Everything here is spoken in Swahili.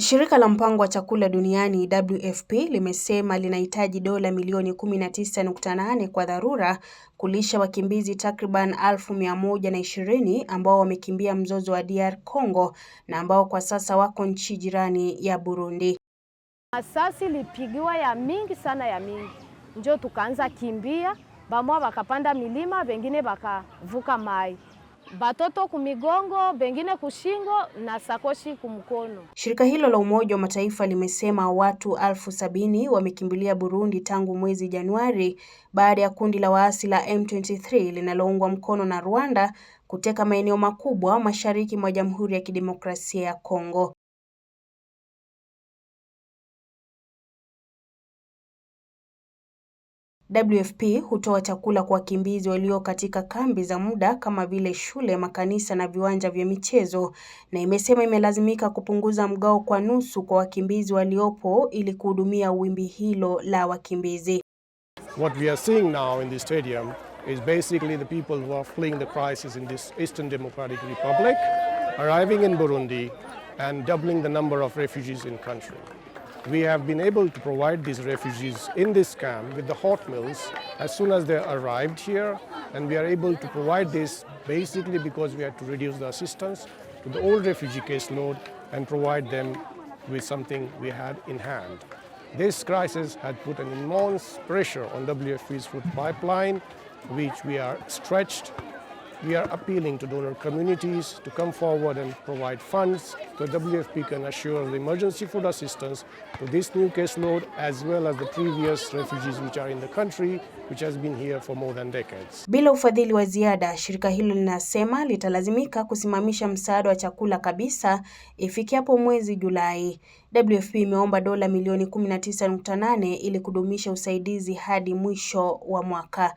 Shirika la Mpango wa Chakula Duniani WFP limesema linahitaji dola milioni 19.8 kwa dharura kulisha wakimbizi takriban 120,000 ambao wamekimbia mzozo wa DR Congo na ambao kwa sasa wako nchi jirani ya Burundi. Masasi lipigiwa ya mingi sana ya mingi, njo tukaanza kimbia, bamwa bakapanda milima, bengine bakavuka mai batoto kumigongo, bengine kushingo na sakoshi kumkono. Shirika hilo la Umoja wa Mataifa limesema watu elfu sabini wamekimbilia Burundi tangu mwezi Januari baada ya kundi la waasi la M23 linaloungwa mkono na Rwanda kuteka maeneo makubwa mashariki mwa Jamhuri ya Kidemokrasia ya Kongo. WFP hutoa chakula kwa wakimbizi walio katika kambi za muda kama vile shule, makanisa na viwanja vya michezo na imesema imelazimika kupunguza mgao kwa nusu kwa wakimbizi waliopo ili kuhudumia wimbi hilo la wakimbizi. What we are seeing now in this stadium is basically the people who are fleeing the crisis in this Eastern Democratic Republic arriving in Burundi and doubling the number of refugees in country. we have been able to provide these refugees in this camp with the hot meals as soon as they arrived here. And we are able to provide this basically because we had to reduce the assistance to the old refugee caseload and provide them with something we had in hand. This crisis had put an immense pressure on WFP's food pipeline, which we are stretched we are appealing to donor communities to come forward and provide funds so WFP can assure the emergency food assistance to this new caseload as well as the previous refugees which are in the country which has been here for more than decades. Bila ufadhili wa ziada, shirika hilo linasema litalazimika kusimamisha msaada wa chakula kabisa ifikiapo mwezi Julai. WFP imeomba dola milioni 19.8 ili kudumisha usaidizi hadi mwisho wa mwaka.